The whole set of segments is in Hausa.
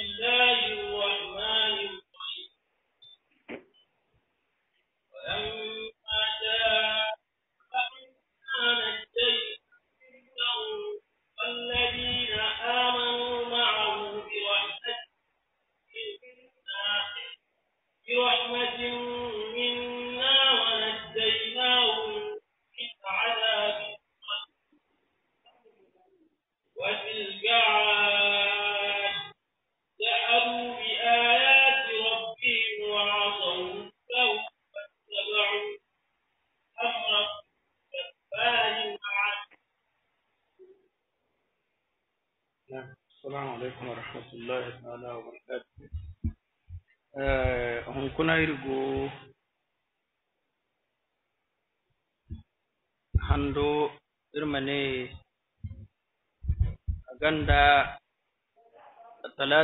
إلا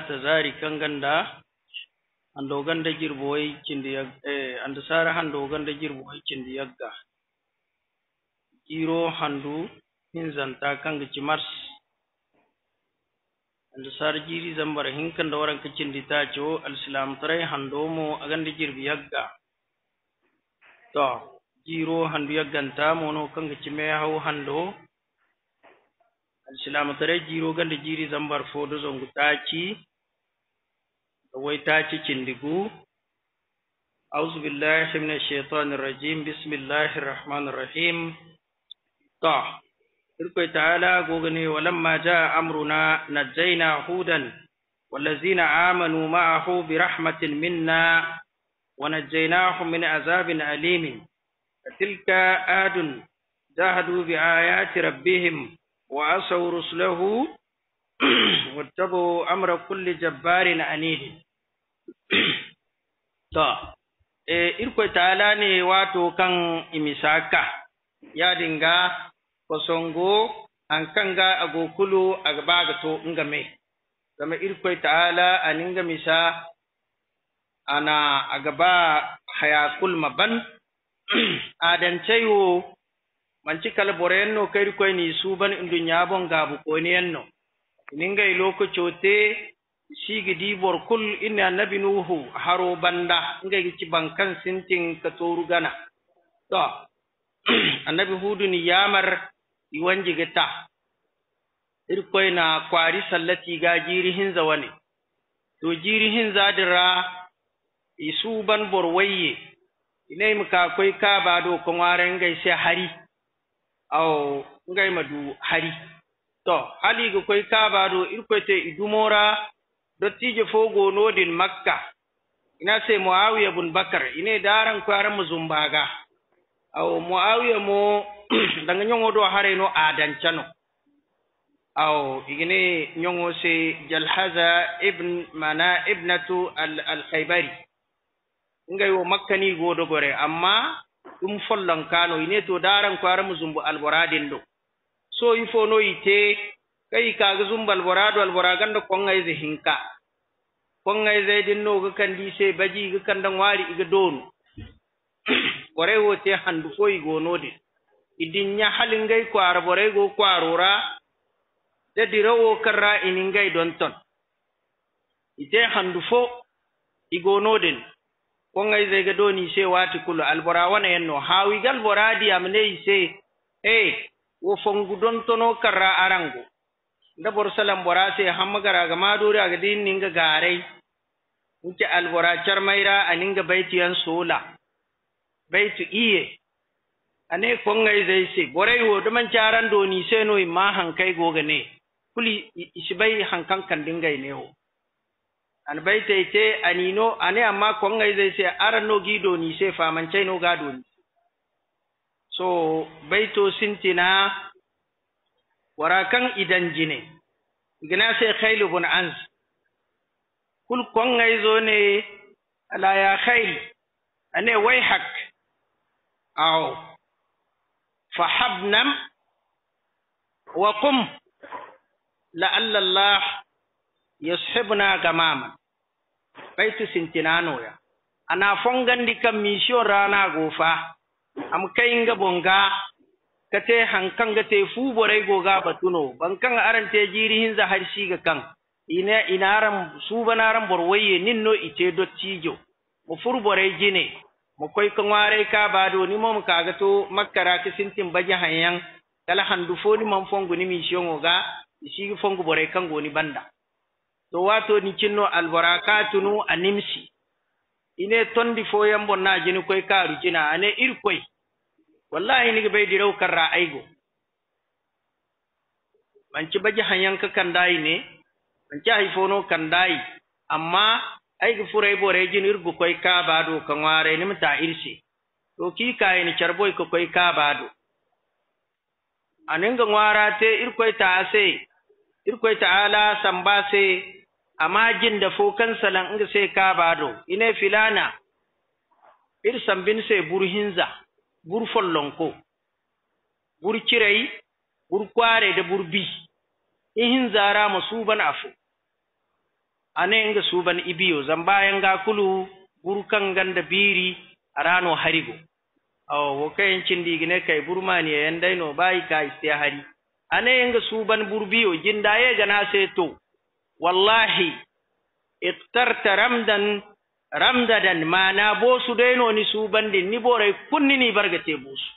tazari kanganda ando ganda jirboy kindi yag eh ando sara hando ganda jirboy kindi yagga jiro handu hinzanta kanga ci mars ando sara jiri zambar ka cindi ta tacho alsilam tray hando mo aganda jirbi yagga to jiro handu yagganta mono kanga ci me haw hando alsilam tray jiro ganda jiri zambar fodo zongu taci waita cikin digu أعوذ بالله من الشيطان الرجيم بسم الله الرحمن الرحيم طه تلك تعالى غغني ولما جاء أمرنا نجينا هودا والذين آمنوا معه برحمة منا ونجيناهم من عذاب أليم تلك آد جاهدوا بآيات ربهم وعصوا رسله واتبعوا أمر كل جبار عنيد to e irko taala ne wato kan imisaka ya dinga kosongo an kanga agokulu ga to ngame kama irko taala aninga misa ana gaba hayakul maban adan ceyo manci kala borenno kairi koy ni suban indunya bon gabu ko ne yanno ningai lokacote sigi dibor kul inna annabi nuhu haro banda ngay ci bankan sintin ka toru gana to annabi hudu ni yamar iwanji gita irkoi na kwari sallati ga jirihin zawani, to jirihin zadira isu ban waye inai muka koy ka ba do kon ngai gai hari aw ngai madu hari to haliga koy do irkoyte idumora dumora dottijo fo gonodin makka ina se muawiya bun bakar ine daran ko aranmo zumbaga aw muawiya mo hare no adan adancano aw igine nyongo se jalhaza ibn mana ibnatu khaybari ingay wo makka ni godo gore amma ɗum kano, ine to daran ko zumbu al alboradin ɗo so ifo no ite kai kaga zumbal do al boragan da konga ize hinka konga zai din no ga kandi se baji ga dan wari iga don bore wo te handu i go no din idin nya halin gai kwara bore go kwarora da wo karra inin gai don ton ite handu fo go no din konga ize ga doni se wati kullu al borawana yanno hawi gal boradi amne ise eh wo don tono karra arango nda borsalam borase hammagara ga madori aga din ninga garai nke albora charmaira aninga an sola baitu iye ane kongai zai se borai wo duman charan doni seno ma hankai goga ne kuli isibai hankan dingai ne ho an baita ite anino ane amma kongai zai se arano gido ni se famancai no ga doni so baito sintina warakan idan jine gina sai khailu bun anz kul kon ngai zo ne ala ya khail ane wai hak aw fahabnam wa qum alla allah yashibna gamama baitu sintinano ya ana fongandi kam mission rana gofa am nga bonga kate ga te fu borai goga batuno bankan te jiri har shi ga kan ina inaram ran borwaye ninno ite dottijo mu furborai jine mu koy ko ngware ka bado ni mom kaga to makkara ki sintin baje hanyan kala handu foni man fongu ni shongo ga shi fongu borai kan goni banda to wato ni cinno albarakatunu animsi ine tondi fo yambo na jini koy karu jina ane koy wallahi ni bai diraw karra aigo manci baji hanyan ka kandai ne manci haifono kandai amma furay bo re jini irgo koy ka bado kan ware ni mata irsi. to ki kai ni charboy ko koy ka anen ga ngwara te irkoy ta ase irkoy ta ala sambase amma amajinda fo kansalan nga se kabaɗo ine filana ir sambin se bur hinza bur follonko bur kirai bur kware da bur bi i zara masuban afu ane inga suban ibiyo bayan ga kulu bur ganda biri arano harigo awa wo cin digine kai burmani yandayno bai ka istiya hari ane inga suban burbiyo jindaye gana sai to wallahi iftarta ramdan ramdadan mana bosu su bandin ni boray kunnini bargate bosu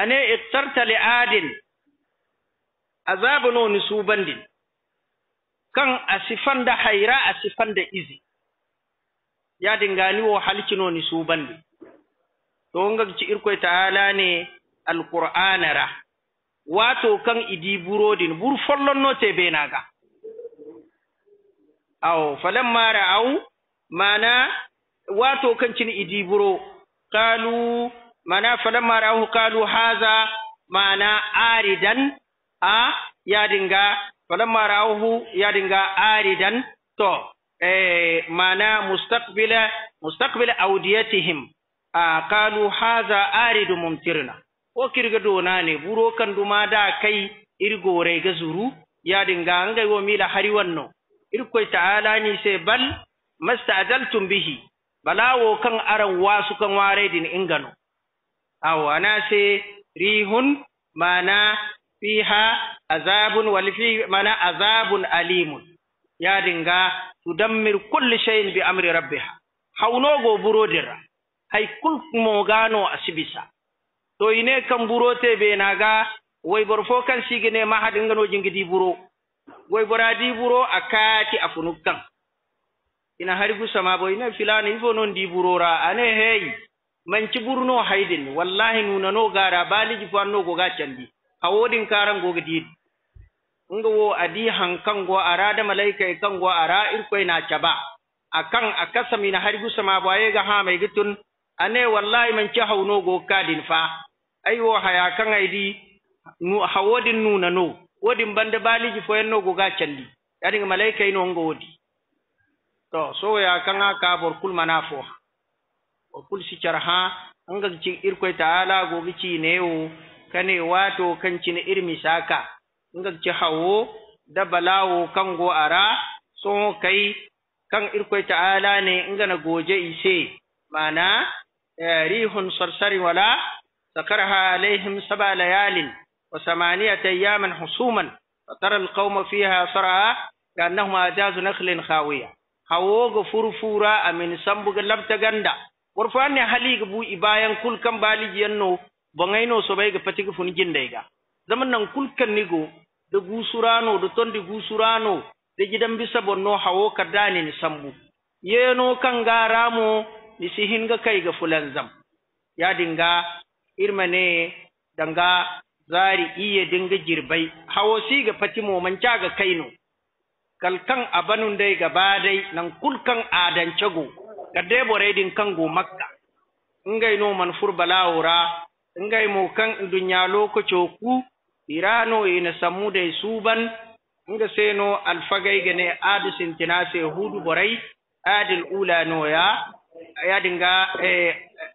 ane iftarta li adin azabu noni bandin. kan asifanda hayra asifanda izi yadingani wo halicinoni subandi to ngagci irkoy ta'ala ne alqur'anara wato kan idi burodin bur follon no te be naga aw falam mara aw mana wato kan cin idi buro qalu mana falam mara aw qalu haza mana aridan a ya dinga falam mara aw ya dinga aridan to eh mana mustaqbila mustaqbila awdiyatihim a qalu haza aridu mumtirna ko kirga ne buro kan duma da kai rai ga zuru ya dinga an gaiwo da hari wannan irkoi ta'ala ni sai bal mastajaltum bihi balawo kan aran wasu kan ware din ingano aw ana sai rihun mana fiha azabun wal fi mana azabun alimun ya dinga tudammir kulli shay'in bi amri rabbiha haunogo burodira hay kul mo gano asibisa to ine kan burote be naga bor fo kan sigine ma haɗinganojin gidi buro woybora di buro a kaati a funuk kan ina sama samabo ina filani ifo non di ra ane man manci burno haydin wallahi nunano gara baliji fo annogo ga candi a wodin go gidi ngo wo adi han kango ara da malaika e kango ara irkoi e na caba akan akasami na har sama ma ga ha mai gitun ane wallahi man ci hauno go kadin fa Aiwo haya kan aidi nu hawodin nuna no wodin bande baliji fo enno goga candi yadi malaika ino ngo wodi to so ya kan aka bor kul manafo o kul si charha anga ci irko e ta'ala gogi ci newo kane wato kan cin irmi saka anga ci hawo da balawo kan go ara so kai kan irko e ta'ala ne anga na goje ise mana eh, rihun sarsari wala سكرها عليهم سبع ليال وثمانية أياما حسوما فترى القوم فيها صرعى كأنهم أجاز نخل خاوية hawogo furfura ga sambuga labta ganda warfani ga bu bayan kulkan baliji yanno bangaino sobai ga patiga fun jindaiga zaman nan kulkan nigo da gusurano da tondi gusurano da gidan bisa bonno hawo kadani ni sambu yeno kan garamo ni sihinga kai ga fulan ya dinga irmane danga zari iya dinga girbai hawo si ga fati man ga kaino kalkan abanun dai gaba dai nan kulkan adance go ga bore din kan go makka ngai no man furbala ora ngai mo kan dunya lokaco ku irano ina samu dai suban nga seno alfagai gane adu sintina se hudu borai adil ula ya ya dinga eh,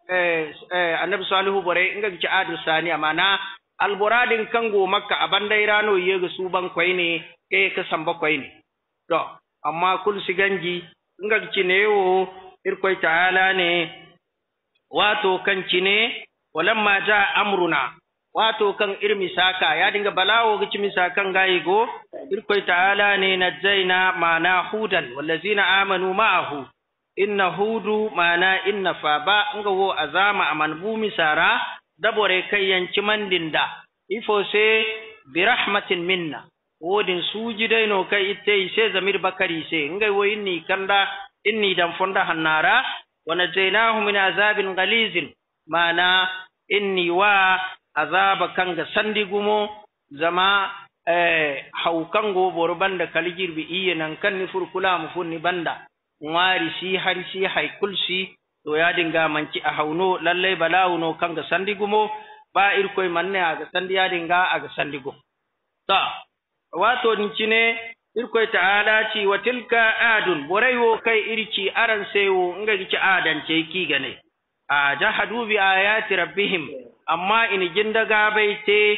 eh, eh, annabi salihu bore inga ci adu sani amana alburadin go makka bandai rano su ban kwai ne e ka ba kwai ne to amma kul ganji inga ci ne yo irkwai ta'ala ne wato kan ci ne walamma ja amruna wato kan ir misaka ya dinga balawo gici misakan gayi go irkoi ta'ala ne najjaina mana hudan wallazina amanu ma'ahu inna hudu mana inna faba nga wo azama aman bumi sara dabore kayyanci mandinda ifo se bi rahmatin minna wodin suji no kai itte ise zamir bakari se nga wo inni kanda inni dan fonda hannara wa najainahu min azabin ghalizin mana inni wa azaba kanga sandi gumo zama eh haukan go boro banda kaligirbi iye nan kan ni furkula mu funni banda har ngwarisi harisi haikulsi to ya dinga manci a hauno lallai balawuno kan ga sandigumo ba koy manne aga sandi ya dinga ga sandigo ta wato ir koy ta'ala ci wa tilka adun boraywo kai irci aran sewo nga gici adan ce ki gane a jahadu bi ayati rabbihim amma in jinda bai te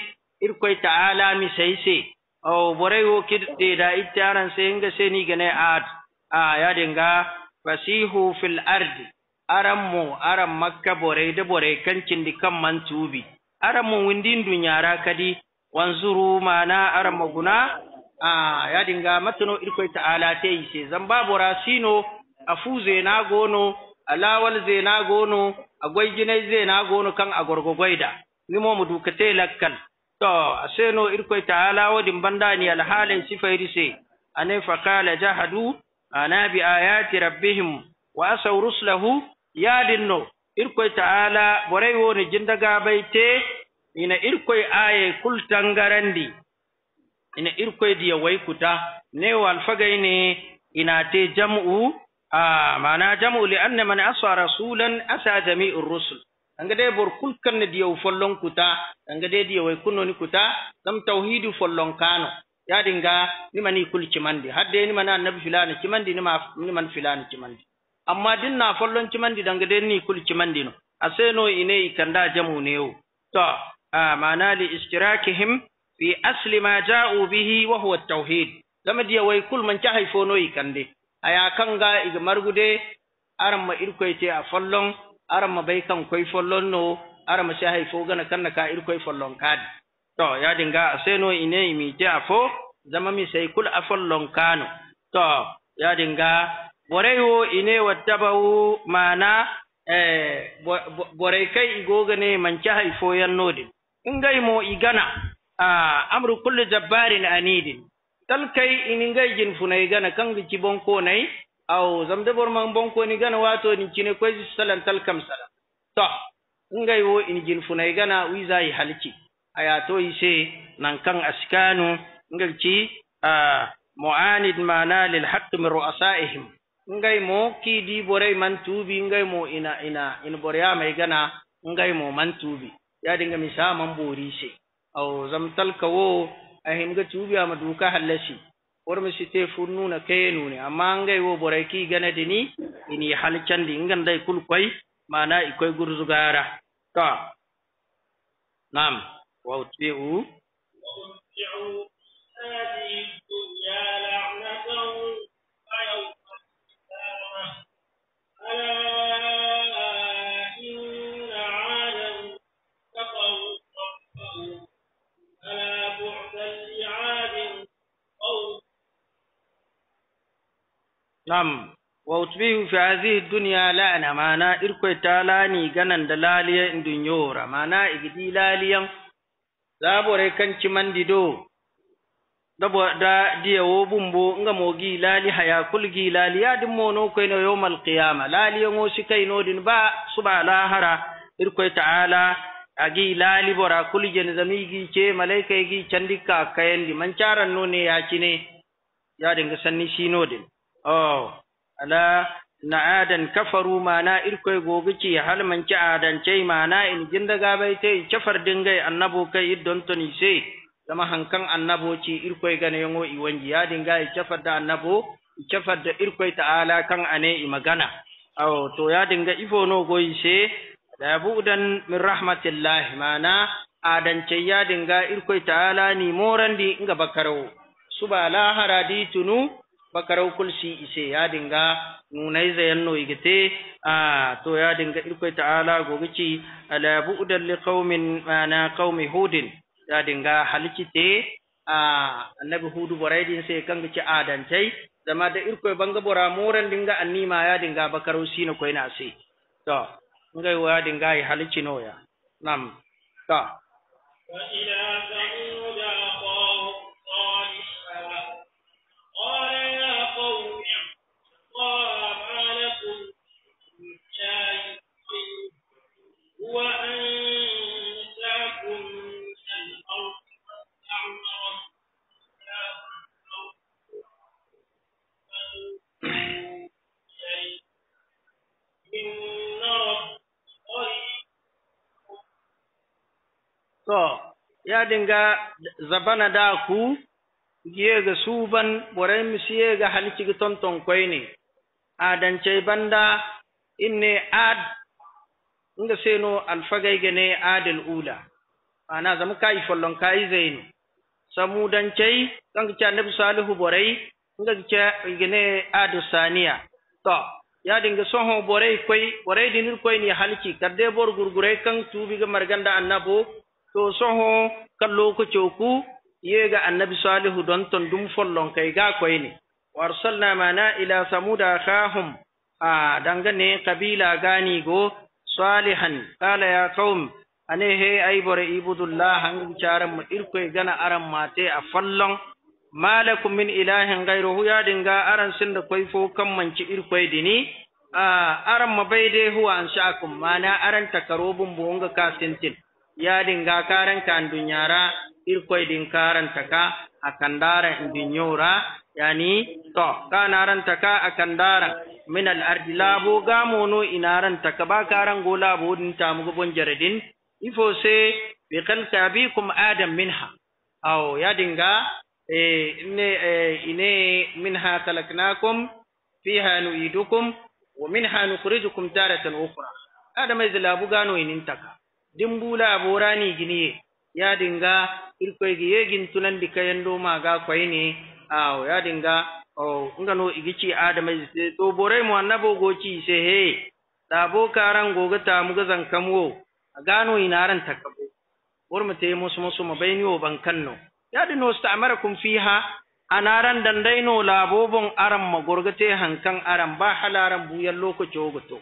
koy ta'ala mi sai sai o boraywo kidde da ittaran sai nga sai ni gane adun. Ah, ya dinga fasihu fil ardi aran mu aran makka bore da bore kancin di kan man tubi aran mu windin dunyara kadi wanzuru mana aran maguna a yadin ga matano irkoi ta yi ce. zan babu rasino afuze na gono alawal ze na gono agwai gine ze na gono kan agwargwagwai da nimo mu dukate lakkan to aseno ta ala wadin bandani ni alhalin sifairi sai anefa fakala jahadu ana bi ayati rabbihim wa asaw ruslahu yadinno irkoy ta'ala boray woni jindaga bayte ina irkoy aye kultangarandi ina irkoy diya waykuta ne alfagayne ina te jam'u a mana jam'u li anna man asa rasulan asa jami'ur rusul anga de bor kulkan diya follon kuta anga de diya way kunoni kuta dam tawhidu follon kano yadinga nima ni kul cimandi hadde nima na annabi filani kimandi, nima niman filani kimandi. amma din na follon cimandi dan gade ni kul cimandi no aseno ine ikanda jamu newo to a mana li istirakihim fi asli ma ja'u bihi wa huwa at-tauhid zama diya wai kul man ca haifo no ikande aya kanga iga margude aram aramma te a follon ma bai kan koy follon no aram sa haifo gana kanna ka irkoy follon kadi to yaadin ga seno ine mi a fo zama mi sai kul afol lonkano to ya ga borey wo ine wattabawu mana eh, borey kay igogane mancahay In ingay mo igana a amru kulli jabbarin anidin in iningay jin funai gana kan gici bonko nai au zamde bor man bonko ni gana wato ni cine koy salan talkam sala to ingay wo in jin funai gana wiza yi halci ayato ise nan kan askanu ngelci a mu'anid mana lil haqq min ru'asaihim ngai mo ki di borai man tubi ngai mo ina ina in borya mai gana ngai mo man tubi ya dinga misa man bori se aw zamtal kawo him ga tubi ama duka hallasi war mi site funnu na kayenu ne amma ngai wo borai ki gana dini ini halcan di ngan dai kul koy mana ikoy gurzugara ka nam وأتبعوا وأتبعوا هذه الدنيا لعنة ألا إن عادا كفروا ألا بعدا لعاد قوم نعم wautbihu fi hadhihi dunya la'na mana irko talani ganan da laliya indun yora mana igidi laliyan labore kanci mandido dabo da diya wo bumbo nga mogi lali haya kulgi lali ya mono koy no yawmal qiyama lali yango kai no din ba hara lahara irkoy ta'ala agi lali bora zami gi ce malaika gi kayen di mancharan no ne ya cine ya dinga sanni sino din oh ala na adan kafaru mana irkoy gogici halmanci adance, mana in gindaga bai te kafar dingai annabo kai iddon toni sai zama hankan annabo ci irkoi gane yango iwanji ya dinga ya kafar da annabo kafar da ta ala kan ane i magana aw to ya dinga ifo no goyi se da dan min rahmatillahi mana adance ya dinga ta ta'ala ni di, inga bakaro suba lahara di tunu bakaro kulsi ise ya dinga munaiza yanno igite a to ya dinga irkoi ta'ala gogici ala bu'dan li qaumin qaumi hudin ya dinga halicite a annabi hudu boraidin sai kanga ci adantai zama da irkoi banga bora moran dinga annima ya dinga bakaro sino koi na sai to ngai ya dinga yi halici noya nam ta wa ila to ya dinga zabana da ku giye ga suban borai misiye ga halki ga tonton kwai ne adance banda inne ad inga seno alfagai gane adil ula ana zama kai follon kai zainu samu dancai kan ga nabi salihu borai inga ga gane adu saniya to ya dinga soho borai kwai borai dinir kwai ne halki kadde bor gurgurai kan tubi ga marganda annabo to soho kallo ko coku yega annabi salihu don ton dum follon kai ga koyni warsalna mana ila samuda khahum a dangane kabila gani go salihan kala ya qaum ane he bore ibudullah hangum charam mo gana aram mate a fallon malakum min ilahin ghayruhu ya dinga aran sinda koy fo kam manci irko dini a aran mabaide huwa ansha'akum mana aran takarobun bonga kasintin yadin ga karan kan dunyara irkoy din karan taka akan dara dunyora yani to kanaran taka akan dara min al ardi ga mono inaran taka ba karan go labo din mu bon jaredin ifo se bi khalqi bikum adam minha aw yadinga إني منها خلقناكم فيها نعيدكم ومنها نخرجكم تارة أخرى هذا ما إذا لابو قانو إن انتكى dimbula aborani giniye ya dinga irkoy giye gin tunandi ga maga ne. aw ya dinga oh, nga no igici adama se to borai mu annabo goci se he da bo karan goga ta mu gazan kamwo gano inaran takabo wor mu te musu musu mabaini o bankanno ya dino sta'marakum fiha anaran dandaino labobon aran magorgate hankan aran ba halaran buyan lokaci ogoto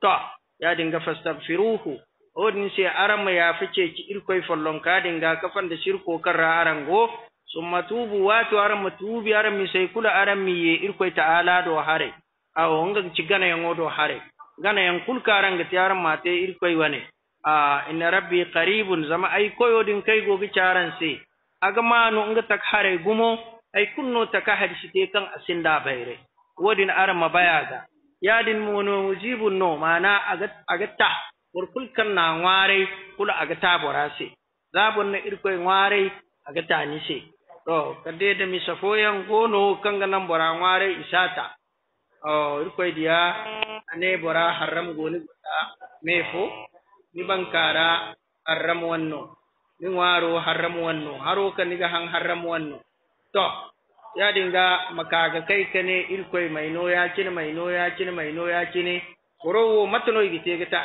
to ya dinga fastagfiruhu odin se arama ya fice ki irkoi follon kadin ga kafan da shirko karra arango summa tubu wato arama tubi mi sai kula mi ye ta ta'ala do hare awo wonga ci gana yan odo hare gana yan kulka aranga ti arama te irkoi wane a inna rabbi qaribun zama koyo din kai gogi charan se aga no nga tak hare gumo Ai kunno taka hadisi te kan asinda bayre wodin arama bayaga yadin mono mujibun no mana agat agatta burkul kulkan na ware kula aga taabora se zabon na irkoy ware aga ni se to kadi da mi safoyan gono kanga nan bora ware isata o irkoy dia ane bora haram goni gota mefo ni bankara haram wanno ni waro haram wanno haro ka ga han haram wanno to ya dinga makaga kai kane irkoy mai ya cine mai ya cine maino ya kin ne matano igite ga gita.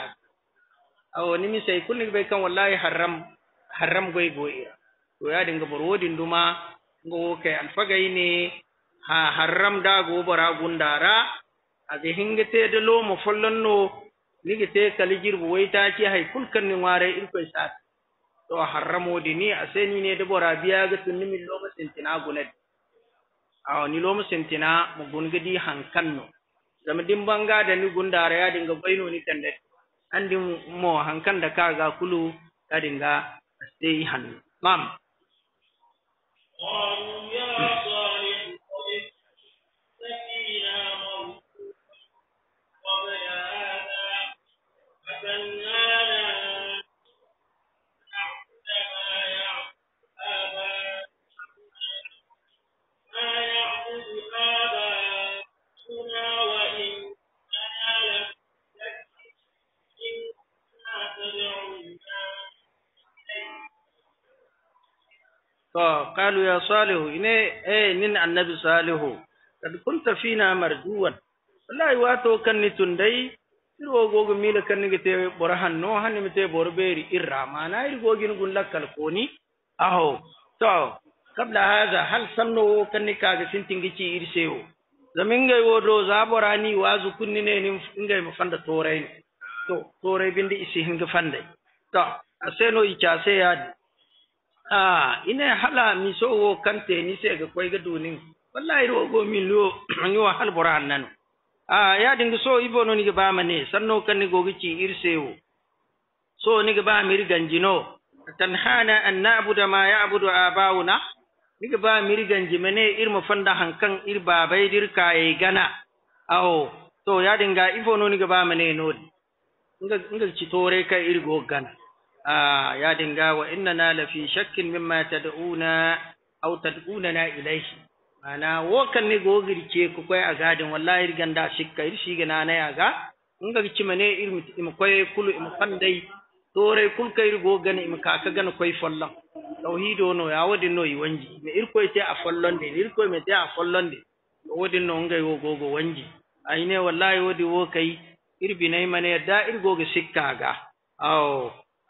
awo mi sai kunni bai kan wallahi haram haram goy goy to ya dinga borodin duma ngo an alfagai ne ha haram da go bara gundara aga hingate da lo mo follonno nigi te kaligir bo wayta ci hay kan ni ware in ko sa to haramo dini aseni ne de bora biya ga tunni min lo masintina gunad awo ni lo masintina mu gungadi hankanno zama dimbanga da ni gundara ya dinga bayno ni tande andi mo hankan da kaga kulu kadinga stay han mam To ya salihu ine eh nin annabi salihu kad kunta fina فينا wallahi والله واتو كن tundai irwo gogo mila kan ni te borahan no hanni mi te borberi irra mana ir gogin gun lakkal koni aho to kabla hada hal sanno kan ni kaga sintingi ci irsewo zamingay wodo zaborani wazu kunni ne ni ngay mo fanda toray to toray bindi isi hinga fande to aseno icha se ya ah ina hala mi wo kante ni se ga koy ga dunin wallahi ro go mi lo ni wa hal buran nan ah ya din so ibo no ni ga ba ne sanno kan ni gi ci irsewo so ni ga ba mi ganjino tanhana an na'budu ma ya'budu abauna ni ga ba mi ganjimene irma fanda hankan ir babai dir kaye gana awo to ya dinga ibo no ni ga ba ne no nga nga ci tore kai go gana ya dinga wa inna na lafi shakkin min ta da'una au ta na ilaihi ma'ana wokan ni gogir ke ku kai a gadin wallahi irgan da shikka ir shi gana na ya ga in ga kima ne im kai kulu im fandai torai kul kai ir gogane im ka ka gana kai follon tauhido no ya wadin no yi wanji me ir kai te a follon de ir kai me te a follon de wadin no ngai go gogo wanji ai ne wallahi wadi wokai ir binai mane da ir goga shikka ga aw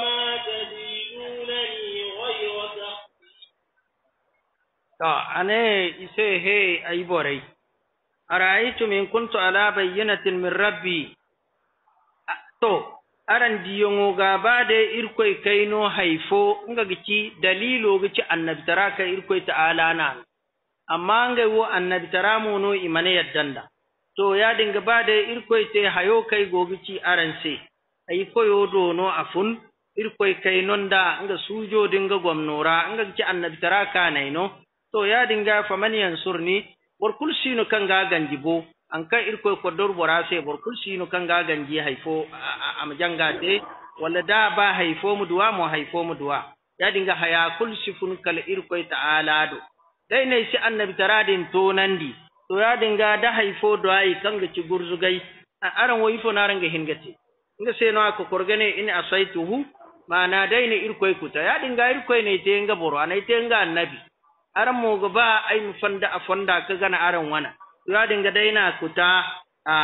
وما تدينون لي غير تحقيق أنا إسيه أي بوري أرأيتم إن كنت على بينة من to aran diyongo ga bade kai kayno haifo, nga gici dalilo gici annabi taraka irkoy ta'ala na amma nga wo annabi tara mono imane yaddanda to ya dinga bada irkoy ta hayo kai gogici aran se ay koyo do no afun non da nga sujo dinga gomnora nga ki annabi taraka no? to ya dinga faman yansurni bor kulsino kanga ganjibo anka irkoy kodor borase bor kulsino kanga ganji haifo am jangate wala da ba haifo mu duwa mo haifo mu duwa ya dinga haya kulsi fun kal irkoy ta'ala do dai ne shi annabi taradin to nandi to ya dinga da haifo do ai kanga ci gurzugai aran wo ifo naranga hingate nga seno ko korgane in asaituhu mana dai ne irkoy kuta ya dinga irkoy ne te nga boro anai te nga annabi aran mu go ba ai fanda a fanda ka gana aran wana ya dinga dai na kuta a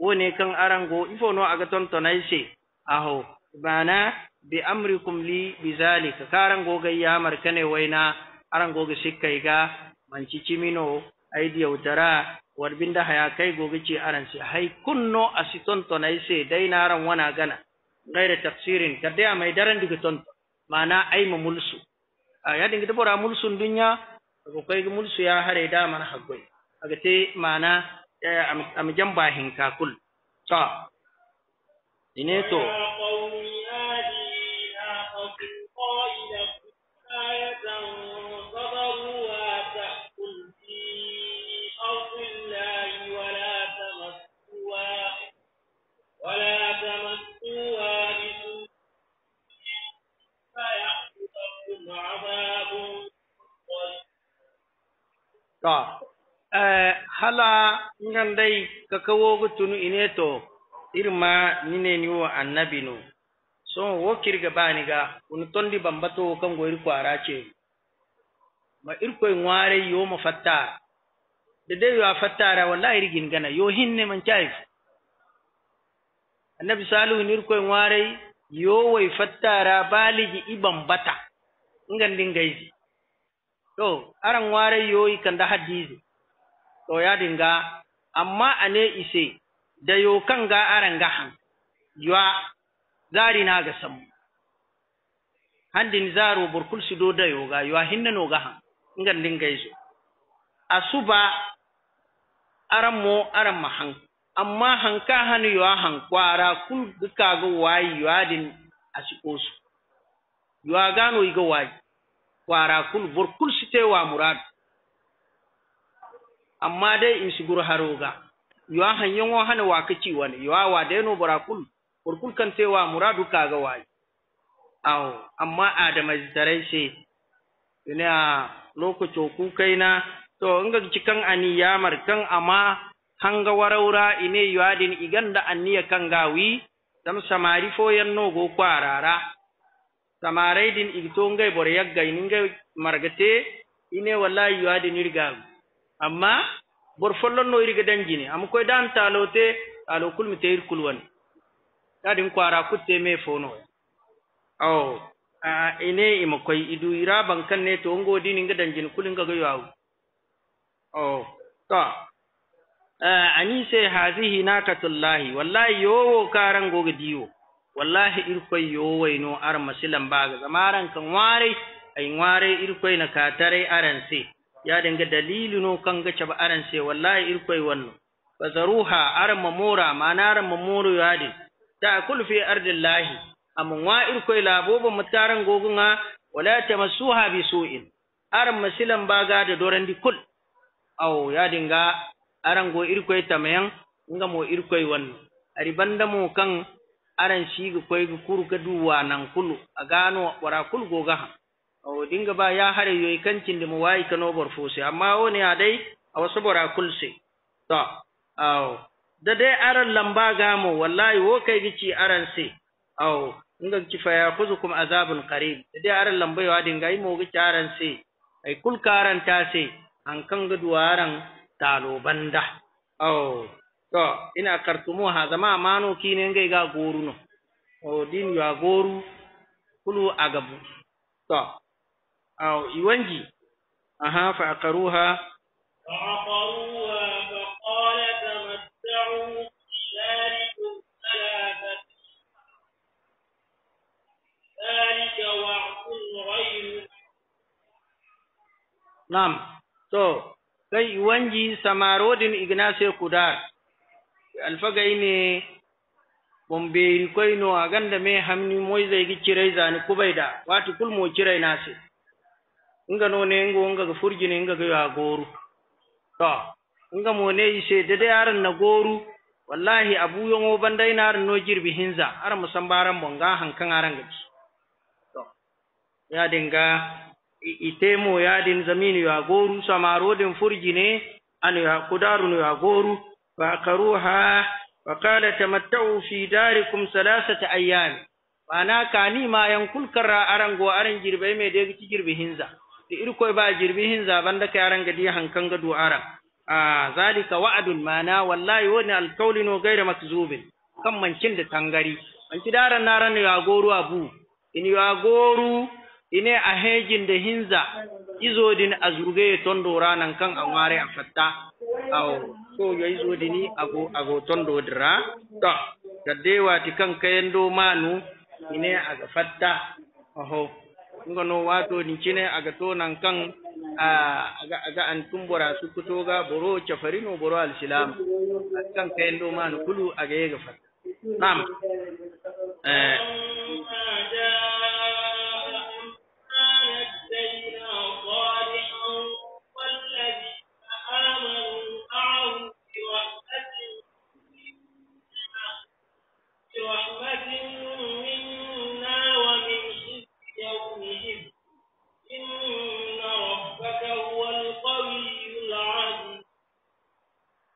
wone kan aran go ifo no aga ton tonai se aho bana bi amrikum li bi zalika karan go ga ya markane waina aran go ga shikai ga manci cimino aidi yautara warbinda haya kai ga ce aran shi hai kunno asiton tonai se dai na aran wana gana gaira tafsirin kadai a mai daren digiton mana ai mu mulsu a ya dinga bora mulsun dunya ko kai mulsu ya hare da man haggoi aga mana am jamba hinka kul ta ineto. to eh hala ngandai gutunu tunu to. irma nine niwo annabi no so wo kirga bani ga un tondi bambato kango irko arace ma irkoy ŋwaare yo ma fatta de de yo a fattara wallahi rigin gana yo hinne man chai annabi salihu ni irkoy ŋwaarey yo way fattara ra i bambata ngandi ngaydi to aran ware yoyi kan da hadisi to ya dinga amma ane ise da yo kan ga aran ga han yuwa zari na ga samu handin zaro burkul su do da yo ga yuwa hinna no ga han ingan dinga izo asuba aran mo aran mahan amma hanka hanu yuwa han kwara kul duka ga wayi yuwa din osu yuwa gano ga wayi kwara kul burkul wa murad amma dai in sigur haroga yuwa hanyen wa hana waka ci wani yuwa wa da no burakul burkul kan wa muradu kaga wai aw amma adama tarai se ina lokacin ku kaina to ga cikan aniya kan amma hanga waraura ine yuwadin iganda aniya kan gawi Dan samari foyan nogo kwarara samarai din bore yagga yaggai ngai margate ine wallahi yuadi nirgagu amma bor follonno iriga danjine am koy dan talote alo kulmi teir kulwan dadin ara kutte me fono aw a ine im koy idu ira bankan ne to ngo dinin ga danjin kulin ga yawo aw to ani se hazihi nakatullahi wallahi yowo karango ga diwo wallahi irkoi yowai no ar masilan baga zamaran kan ware ay ware irkoi na katare aranse ya dinga dalilu no kan ga chaba aranse wallahi irkoi wannan bazaruha ar mamora manaran mamuru yadi ta kul fi ardillahi amun wa irkoi laboba mutaran gogunga wala tamassuha bi su'in ar masilan baga da di kul aw ya dinga arango irkoi tamayan nga mo irkoi wannan ari banda mo kan aran shi koyga ga duwa nan kulu a gano wara kulu goga ha o dinga ba ya hare yoy kancin da wayi kano bor fose amma woni a dai a wasu bora kulse to aw da dai aran lamba mu wallahi wo kai gici aran se aw inga ci fa yakuzukum azabun qarib da dai aran lamba yawa dinga yi mu gici aran se ai kul karanta ta se an kan ga duwaran talo banda aw to ina kartumo ha zama mano kine ngai ga goru no o din ya goru kulu agabu to aw iwangi aha fa aqaruha fa aqaruha fa qala tamatta'u dalikum thalathati dalika wa'dun ghayru nam to sai iwangi samarodin ignase kudar alfagaine bomberi koyno aganda me hamni moyzeygi cirey zani kubayda wati kulmo ciray nase nga no ne ngo nga ga furjine nga ga ya goru to nga mo ne ise dede aran na goru wallahi abu yongo bandai na aran no jirbi hinza ar musambaran bonga hankan aran gaci to ya dinga itemo ya din zamini ya goru samaro din furjine an ya kudaru ya goru فعقروها فقال تمتعوا في داركم ثلاثة أيام ma'ana kani ma yan kulkarra aran go aran girbe mai da gici girbe hinza da irko ba girbe hinza banda kai aran gadi hankan gado aran a zalika wa'adun mana wallahi wani alkauli no gaira makzubin kan mancin da tangari manci daran naran ya goru abu in ya goru ine a hejin da hinza izodin azurge ton doranan kan anware a fatta Ko yoyi zodini ago ago tondo dira to gadde wati kan kayendo manu ine aga fatta oho ngono wato ni cine aga to nan kan aga aga an tumbura su kutoga boro chafarino boro al silam kan kayendo manu kulu aga yega fatta nam eh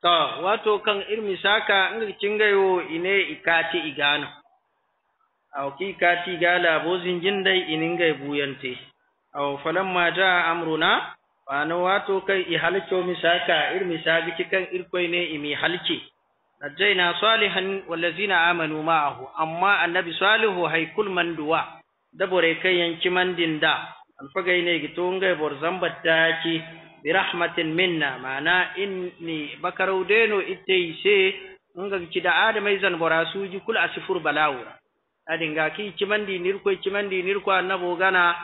to wato kan irmi saka ngir gayo ine ikati igano aw ki kati gala bozin jindai gai buyante aw ma ja amruna wano wato kai i misaka irmi sagi cikan irkoi ne imi halce najjaina salihan wallazina amanu ma'ahu amma annabi salihu haikul manduwa dabore kai yanki mandinda alfagai ne gito ngai bor ta ki birahmatin minna mana inni bakarau deno itte ise nga kida zan bora suji kul asifur balawura adin ga ki cimandi nirko cimandi ko annabo gana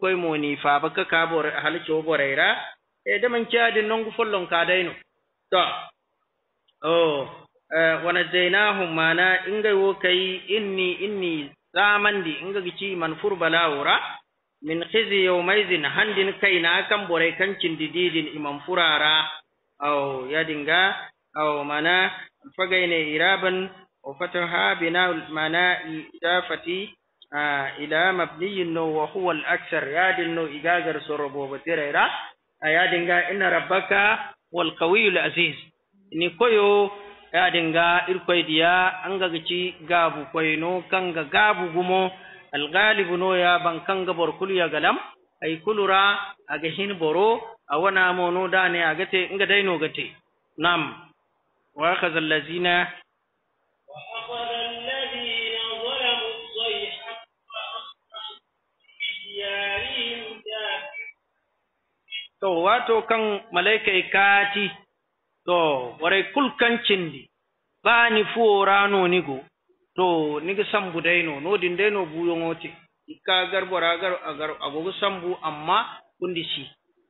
koy moni fa baka ka bor halci boraira e da man kyadin nongu follon ka daino to oh e, wana zainahum mana inga wo kai inni inni zamandi inga gici manfur balawura min khizi yawmaizin handin kaina kan borai kan cindididin imam furara aw yadinga aw mana fagaine iraban wa fataha bina mana idafati ila mabniyin no wa huwa al aksar yadin no igagar sorobo batiraira yadinga inna rabbaka wal qawiyul aziz ni koyo yadinga irkoidiya angagici gabu koyno kanga gabu gumo algalibu no ya bankanga borkulu ya galam ay kulura aga hin boro awana mono dane agate inga daino gate nam wa to wato kan malaikai kati to warai kulkancin ba bani fuwo rano nigo to niga sambu dayno noodin dayno buyoŋote ikka garbora gar agar agogo sambu amma kundi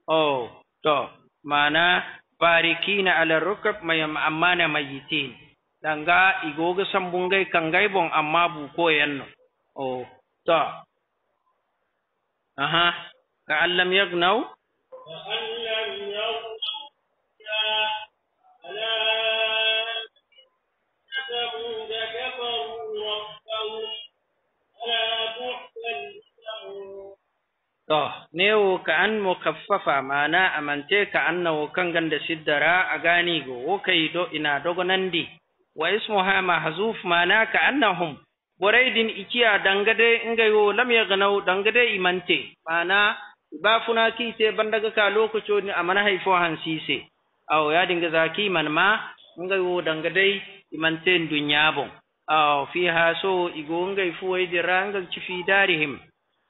Oh! to mana barikina ala rukab mayam ammana mayitin danga igogo sambu ngai kangai bon amma bu koyanno o oh, to aha ka allam yagnaw ka allam to wo ka an mukaffafa mana amante ka gan da siddara yi do ina dogo di, wa ma hazuf mana ka annahum din ikiya dangade yo lam yagnaw dangade imante mana ba funa ban daga ka lokaco ni mana haifo hansise aw ya dinga zaki man ma yo dangade imante dunyabo aw fiha so igo ngai fuwaydira ngal cifi darihim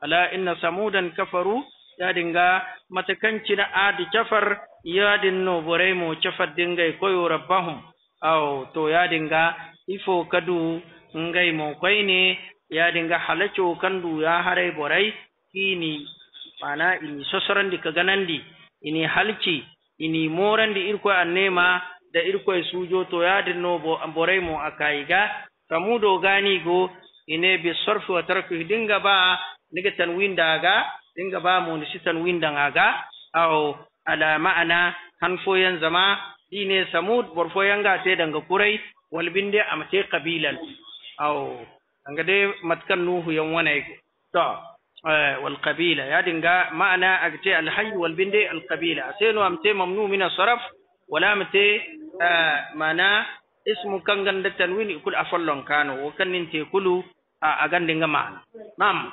ala inna samudan kafaru yadinga matakancina adi cafar yadin no boremo cafar dinga koyo rabbahum aw to yadinga ifo kadu ngai mo ne? yadinga halacho kandu ya hare boray kini mana ini di? kaganandi ini halci ini di irko annema da irko sujo to yadin no boremo akayiga samudo go ine bi sarfu wa tarki dinga ba niga tanwin daga dinga ba mu shi tanwin daga au ala ma'ana han foyan zama dine samud bor foyan ga te danga kurai wal binde am te qabilan au anga de matkan nuhu yan wanai to eh, wal qabila ya dinga ma'ana agte al hayy wal binde al qabila asenu am te mamnu min sarf wala am te eh, mana ismu kangan da tanwin ikul afallon kano wakannin te kulu a gandin ga ma'ana na'am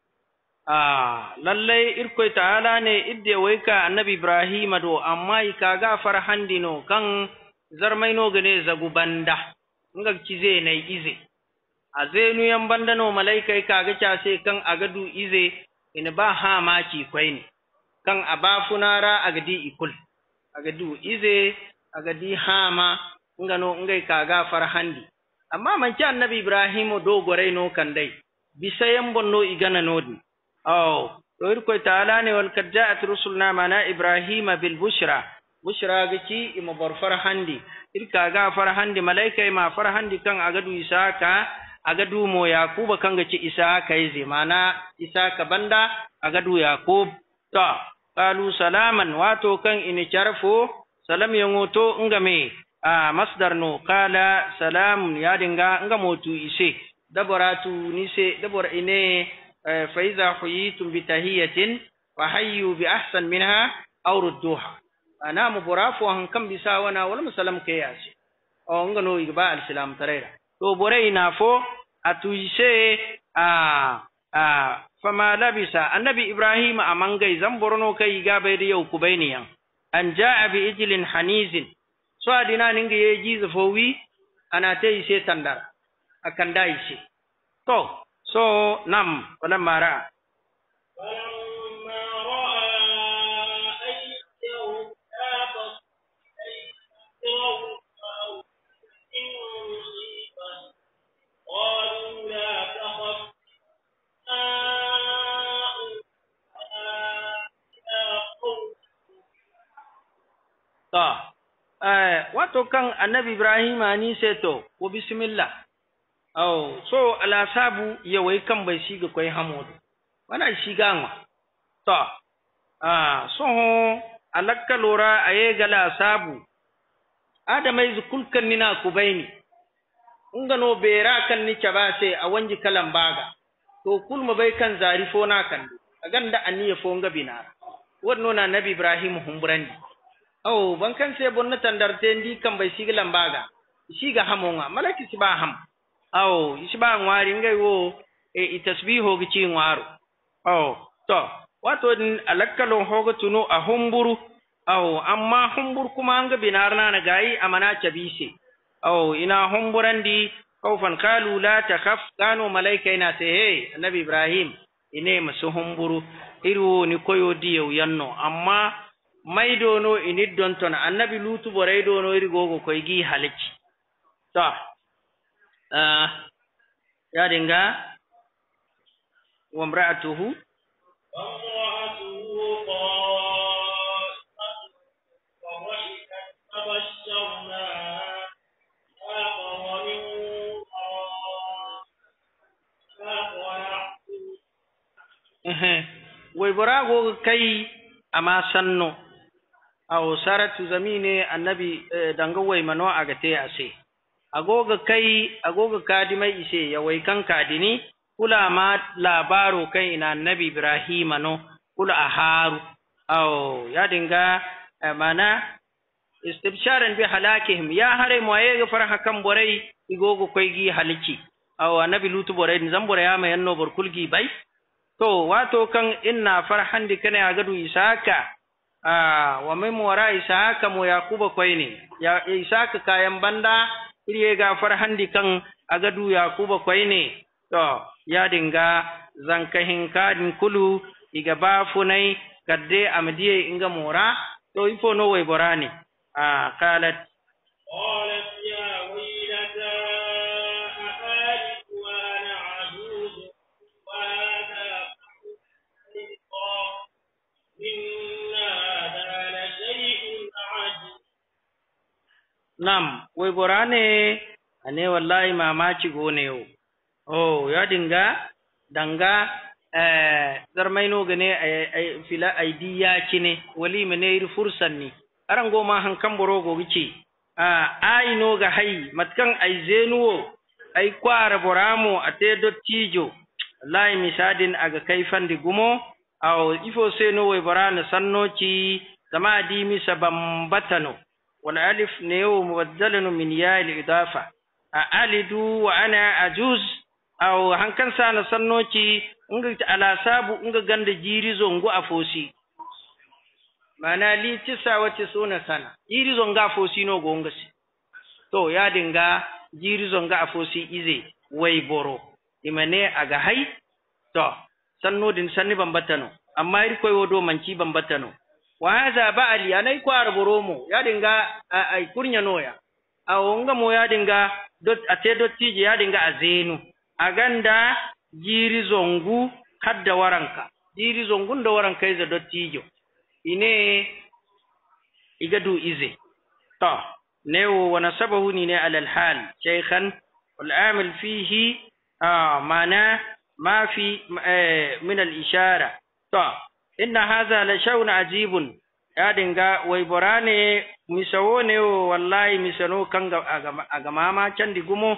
a ah, lallai irkoi taala ne idde waika annabi ibrahima do amma ikaga far no kan no gane zagu banda nga kize na ize a zenu yan banda no malaika ikaga case kan agadu ize ina ba ha maki kwaini kan abafunara agadi ikul agadu ize agadi hama ngano ngai kaga ga handi amma manci annabi ibrahimu do no kan dai bisayan bonno igana no nodi aw ɗoyir taala ne wal kad ja'at rusulna mana ibrahima bil bushra bushra gaci ima bor farhandi irka ga farhandi malaika ima handi kan agadu isaka agadu mo yakuba kan gaci isaka yize mana isaka banda agadu yakub to qalu salaman wato kan ini charfo salam yangoto ngame a masdar no qala salamun ya dinga nga motu ise dabaratu ni se ine Eh, fa idza huyitum bi tahiyatin fa hayyu bi ahsan minha aw rudduha ana muburafu han kam bisa wana wala musallam ke yasi o ngano igba al salam tarera to bore na fo atuise a a fama labisa annabi ibrahim a zamborno zan kai ga bai da yau kubainiyan an ja'a bi ijlin hanizin so adina ninga yeji jiza ana ta ise tandar akan dai shi to So, nam, wannan mara. Eh, wato kan annabi Ibrahim ni seto to, ko bismillah. aw so ala sabu wai kan bai siga kwai hamodo wana shiga ma to a soho alakka lora aye gala sabu adamai zukulkan nina kubaini gano bera kan ni sai a wanji kalan baga to mu bai kan zari fona kan a ganda fo nga binara wadno na nabi ibrahim humbrandi aw ban kan sai bonna tandarte ndi kan bai siga lambaga siga hamonga malaki si ba ham Awo! isba ngwari ngai wo e itasbiho gici ngwaru aw to wato din alakkalo hoga tuno a humburu Awo! amma humbur kuma anga binarna na gayi amana cabise Awo! ina humburandi kaufan kalu la takhaf kanu malaika ina te he annabi ibrahim ine masu humburu irwo ni koyo diyau yanno amma mai dono ini ton annabi lutu borai dono iri gogo koy halici ta Eh, ya dinga wa mra'atuhu waibura goga kai a Saratu a hausarar tuzami ne annabi eh, dangawai mano a gate a sai agoga kai agoga kadimai ise ya waikan kadini kula ma labaro kai ina nabi ibrahima no kula aharu au ya dinga eh, mana istibsharan bi halakihim ya hare moye ga farha kan borai igogo kai gi halici au nabi lutu borai ni zan borai ma yanno bor kulgi bai to wato kan inna farhan di kana agadu isaka a ah, wa mai wara isaka mo yakuba kai ne ya isaka kayan banda iri ga handi kan agadu kwai ne. to ya dinga zankahin hinkarin kulu iga bafunai kadde amdiye inga mora to ifo no we borani a qalat qala nam we borane ane wallahi mamaci gone yo oh ya dinga danga eh zarmaino gane a fila aidiya kine wali mene ir fursan ni aran goma hankan gobe ce. a aino ga hai matkan ai zenuwo ai kwara boramo ate dottijo wallahi misadin aga di gumo aw ifo seno we borana sannoci zama di misa bambatano والألف نيو مبدل من ياء الإضافة أألد وأنا أجوز أو هنكن سانا سنوكي إنك على سابو ganda غند zongo a fosi. mana li tisa wa tisuna sana jiri a fosi no gongasi to ya dinga jiri zonga afosi ize wai boro imane ga hai to sanno din sanni bambatano amma ir koy manci bambatano wa hadha ba'li anai kwar boromo ya dinga ai kurnya noya awonga mo ya dinga dot ate dottije ya dinga azenu aganda jiri zongu kadda waranka jiri zongun da waranka iza dottijo ine igadu ize to newo wa nasabahu ni ne alal hal shaykhan wal amil fihi ah mana ma fi eh, min ishara to inna haza la shaun ajibun ya dinga wai borane misawo ne o wallahi misano kan agamama candi gumo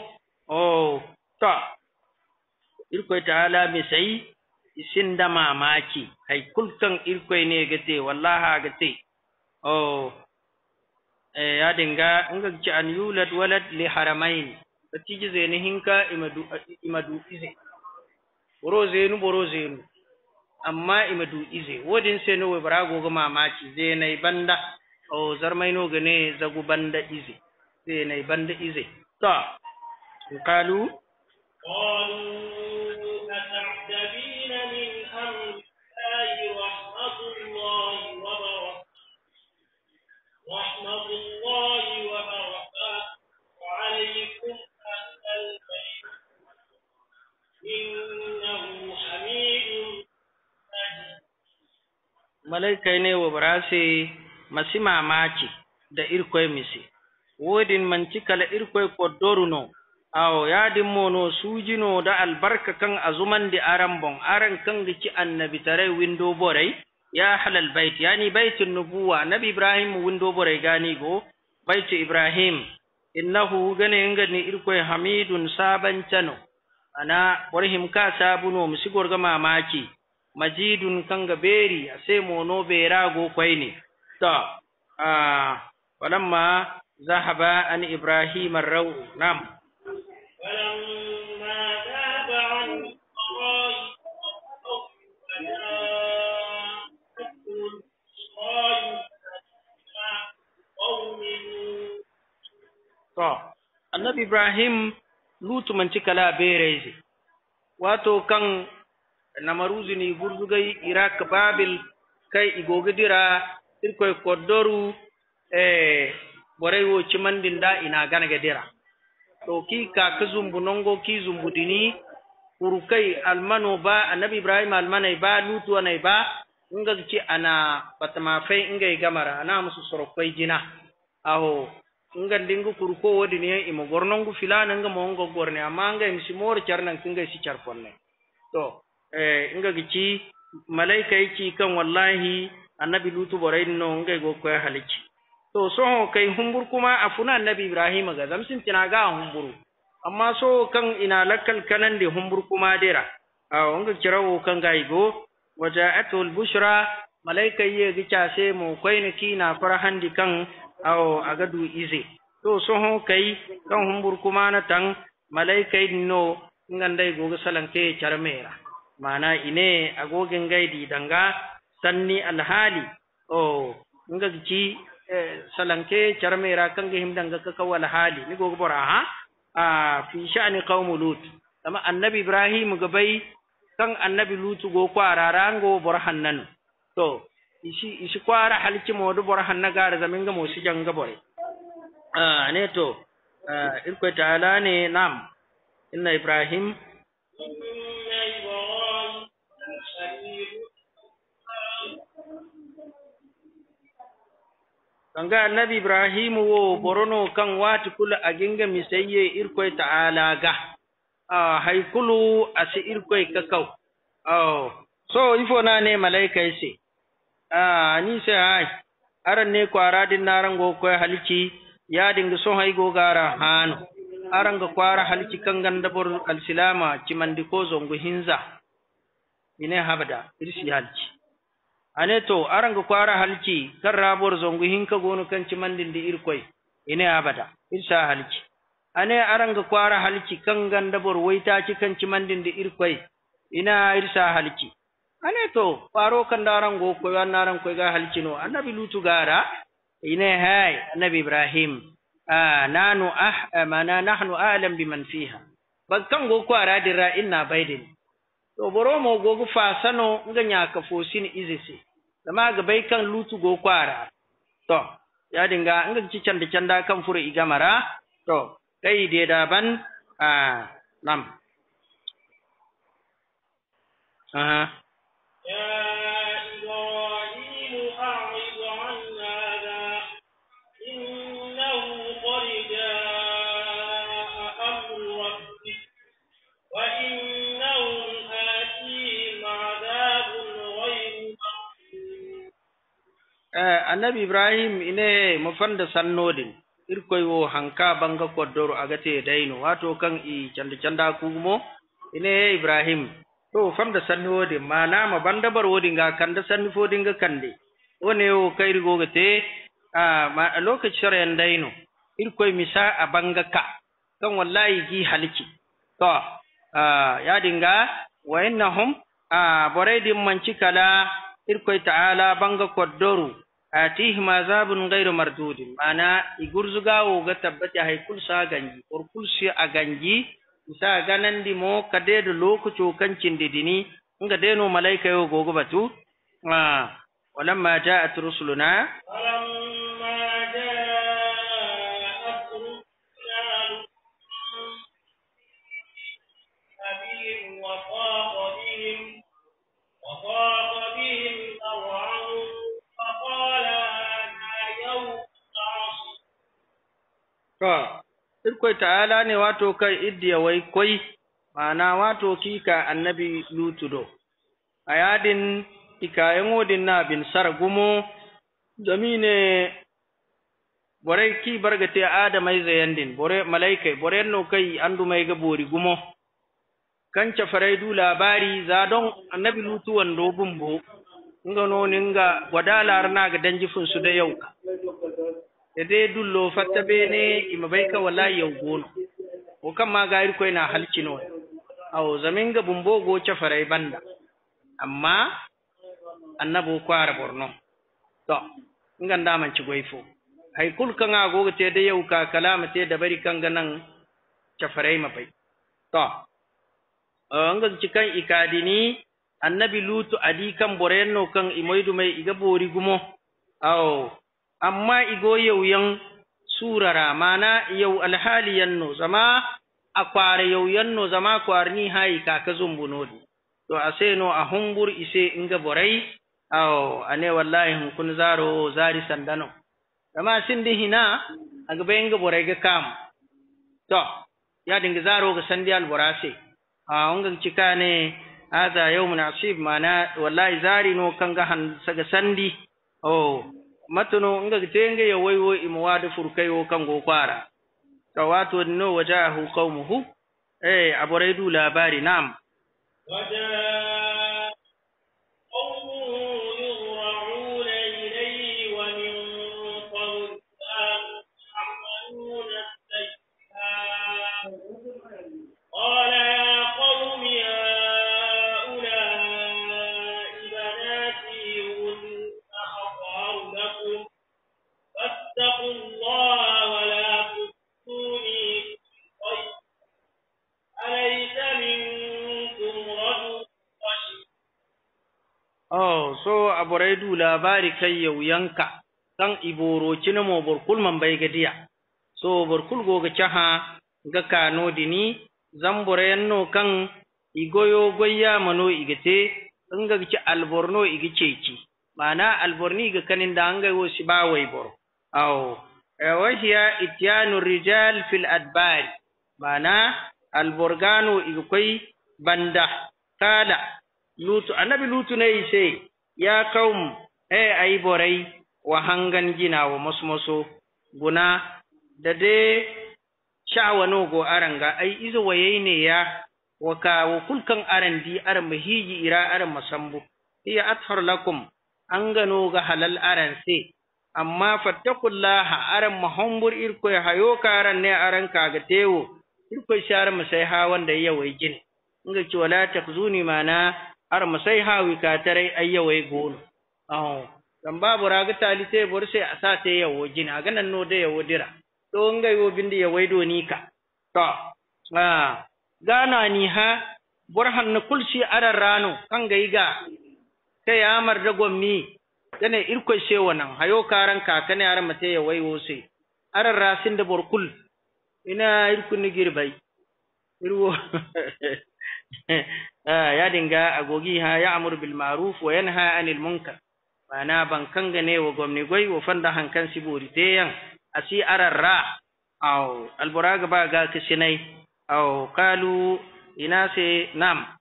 o to irkoy taala misai isin da mamaki hay kulkan irko ne gate wallahi gate o eh ya dinga in ci an yulad walad li haramain tati ji zeni hinka imadu imadu ise boro zenu boro zenu amma ima du ize wodin se no webra gogo mamaci ze nay banda o zarmai no gane zagu banda ize ze nay banda ize to qalu qalu ata'tabina min amri wa barakatuh wa barakatuh alaykum ne wa barasi masi mamaki da irkoye misi wodin manci kala irkoye koddoruno awo yadinmono sujino da albarka kan da aran bon aran kan ci annabi tare windo borai ya halal bait yani baitin nubuwa nabi ibrahim windo gani go, baitu ibrahim innahu gane ingani irkoye hamidun sabancano ana warhim ka sabuno misigorga mamaki majidun kanga beri ase mono bera berago kwaini to ah walamma zahaba an ibrahim ar nam To, annabi Ibrahim lutu manci kala bereji, wato kan ni burzugay irak babil kay igogidira irkoy koddoru e eh, boray wo cimandin da ina ganaga dira to ki ka ka zumbu nongo ki zumbu dini urukai almano ba annabi ibrahim almana ba lutu wa ba inga ci ana batama fai inga yi gamara ana musu sorokwai jina aho inga dingu kurko wodi ne imo gornongu filana nga mongo gorne amma imsimor charnan kinga si charponne to Eh, in ga gici malaika yake kan wallahi annabi lutu borai no ga go ya halici to so kai humbur kuma afuna annabi ibrahim ga zamsin ga humburu amma so kan ina lakkal kanan da humbur kuma dera a wanga kirawo kan igo waja'atul bushra malaika yake gica sai mu ki kina farhan di kan awo agadu ize to so ho kai kan humbur kuma na tan malaika no ngandai go salanke charmera mana ine agogin gaidi danga sanni alhali o nga ci eh, salanke ra kan him danga ka wal hali ni go bora ha a ah, fi sha'ni qaum lut amma annabi ibrahim Gabai bai kan annabi lutu go kwara rango bor nan to isi isi kwara halci modu bor na gara zamin ga mosi janga bore ah ne to ah, irko ta'ala ne nam inna ibrahim kanga annabi ibrahim wo borono kan wati kula aginga misayye irkoy ta'ala ga a haikulu asi irkoy kakau oh so ifo na ne malaika ise a ni se ai aran ne kwara din naran go koy ya dinga son hay go gara hanu aran ga kwara halci kan ganda bor alsilama cimandi ko zongo hinza ine habada irsi halci ane to ko ara halci kan rabor zongu hinka gonu kanci mandindi irkoi ine abada irsa halci ane ko ara halci kan ganda bor waita ci kanci mandindi irkoi ina irsa halci ane to kwaro kan daran go ko yan naran ko ga halci no annabi lutu gara ine hay annabi ibrahim ah nanu ah mana nahnu a'lam biman fiha bakkan go ara dirra inna baidin to boro mo gogu fasano nga nyaka fosin izisi dama ga bai kan lutu go kwara to ya dinga nga ci canda canda kan fure igamara to kai de daban a nam aha yeah. Eh, annabi ibrahim ine mafanda sannodin sannoɗin wo hanka banga koddoro agate daino wato kan i canda canda kugumo ine ibrahim to famda sanni mana ma banda bar wodi kanda sanni fodi ga kande one wo kayri gogate a ma lokaci shara daino irkoy misa a banga ka kan wallahi gi haliki to ya dinga wa innahum a boraydin manci kala irkoy ta'ala banga koddoru atihima azabun ghairu mardudin mana gawo ga tabbati hay kulsa ganji or si a ganji isa di mo kade da lokaco kancin didini inga no malaika yo gogo batu ah walamma ja'at rusuluna ka irkoi ta'ala ne wato kai iddiya wai koi mana wato kika annabi lutudo ayadin ikayen odin na bin sargumo zamine bore ki bargate adamai zayandin bore malaika, bore no kai andumai ga bori gumo kanca faraidu labari za don annabi lutu wando bumbo nga ninga gwadalar na ga danjifin su da yau ede dullo fatta bene ima ka wala yawgono o kamma gayri koyna halcino zamin ga bumbo go farai banda amma annabo ko ara borno to ngandamanci ci goifo hay kul ga go te da yau ka kalama te da bari kanga nan cafarai mafai to eh, ci kan ikadini annabi lutu adi kan borenno kan imoidu mai iga bori gumo aw amma igo yauyan surara mana yau alhali yanno zama a kware yau yanno zama kwarni hayi kaka zumbunodi to a no a humbur ise inga borai aw ne wallahi hun kun zaro zari sandano zama sindi hina aga benga borai ga kam to ya dinga zaro ga sandi alborase a unga cikane hadha yawmun asib mana wallahi zari no kanga han saga sandi oh matano nga nga ya waiwo wo kan go kwara kawato no wajahu qaumuhu eh aborai du labari nam wajahu oh so du labari kai yau yanka kan iboro cina mo burkul man bai gadiya so go ga caha ga kano dini zambore yanno kan igoyo goyya mano igate nga gici alborno igiceci mana alborni ga kanin da anga wo wasu ba wai boro aw eh, wa ya ityanu rijal fil adbar mana alborgano igkoi banda kala lutu annabi lutu nayi ise ya kaum e ayi borai wa hangan gina wa mosmoso guna da de sha'awa no go aranga ai izo waye ne ya waka wa kulkan arandi aran mahiji ira aran masambu hiya athar lakum an gano ga halal aran se amma fattakullaha aran mahombur irko ya hayo karan ne aran ga tewo irko shar sai ha wanda ya wai inga ci wala takzuni mana ar masai hawi ka tarai ayyawai gono aho dan babu raga tali te bor sai asa te yawo jina ganan no da yawo dira to ngai wo bindi ya waido ni ka to ha gana ni ha Burhan na kulsi aran rano kan gai ga kai amar da gommi dane irko she wannan hayo karan kaka ne aran mate ya waiwo sai aran rasin da borkul ina irku ni girbai irwo Ah, ya dinga agogi ha ya amur bil ma'ruf wa yanha anil munkar mana ban kangane wa gwamni gwai wa fanda hankan sibori teyan asi ararra aw alburaga ba ga kisinai aw qalu ina se nam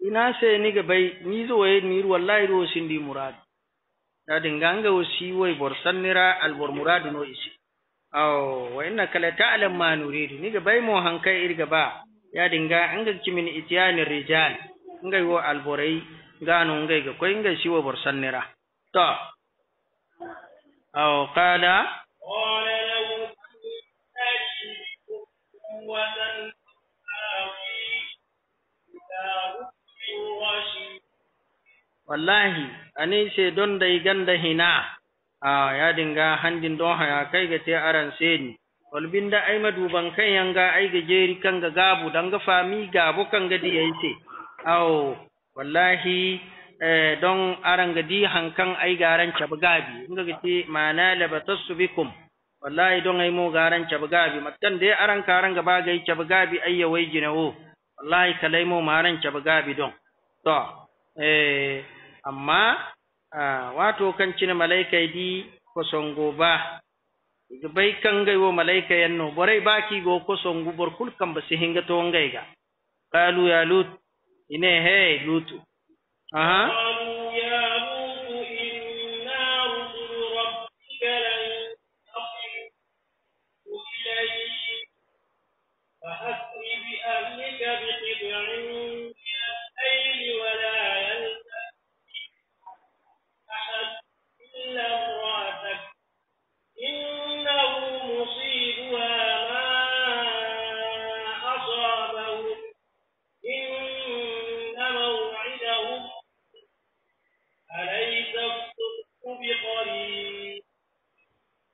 ina ni ni zo wai ni ru wallahi do di murad da dinganga shi wai bor sanira al bor murad no isi aw wa innaka kala ta'lam ma nuridu ga bai mo hankai irga ba ya dinga ga kimin itiyani rijal ngai wo al borai gano ngai ga koi ngai wo bor sanira to aw qala qala wallahi ani se don dai ganda hina a ya dinga handin don haya kai ga te aran seni walbinda ai maduban kan yanga ai ga jeri kan ga gabu dan ga fami gabu kan ga di yace aw wallahi eh, don aran ga di hankan ai garan cabu gabi inga ga te mana labatasu bikum wallahi don ai mo garan cabu gabi matan dai aran karan gaba ga cabu gabi ai ya wai ginawo wallahi kalai mo maran cabu gabi don to eh amma wato kan malaika malaikaydi ko songo ba bai kan wo malaika yanno boray baki go ko songu bor kul kamba si hinga to ga qalu ya lut ine he lutu aha فأسر بأهلك بقطع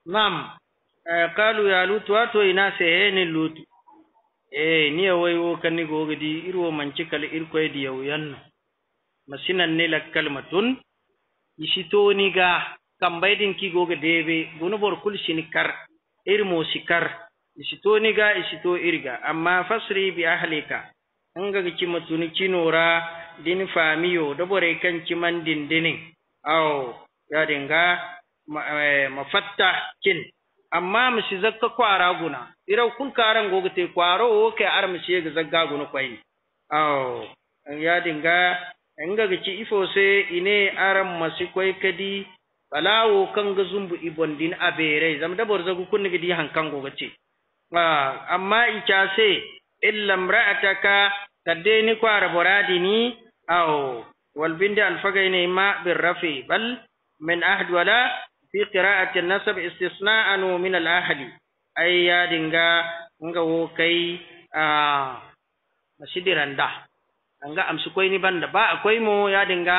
Naam, kalu eh, ya lutu wato ina seheni eh, lutu. Eh, kan waiwo kani gogidi irwo manci kal irko di yawyanno. Masinan ne la kalmatun isito ni ga kambaidin ki goga debe gunu bor kul kar irmo sikar isito ni ga isito irga amma fasri bi ahlika anga ki matuni kinora din famiyo da bore kan kiman dindinin. Aw, ya dinga Eh, mafatta kin amma mishi zakka kwara guna irau kun karan goga te kwaro ke kai ar mishi ga zagga guna kwai aw ya dinga an ga ki ifo sai ine aran masi kwai kadi balawo kan ga zumbu ibon din abere zam da borza zagu kun ga di hankan goga ce ah, amma ica se illa mra'ataka kadde ni kwara boradi ni aw wal bindi ne ma bin rafi bal min ahd wala fi qira'ati an-nasab istisna'an min al-ahli ay ya dinga nga wo kai a masidiranda anga su koi ni banda ba akwai mu ya dinga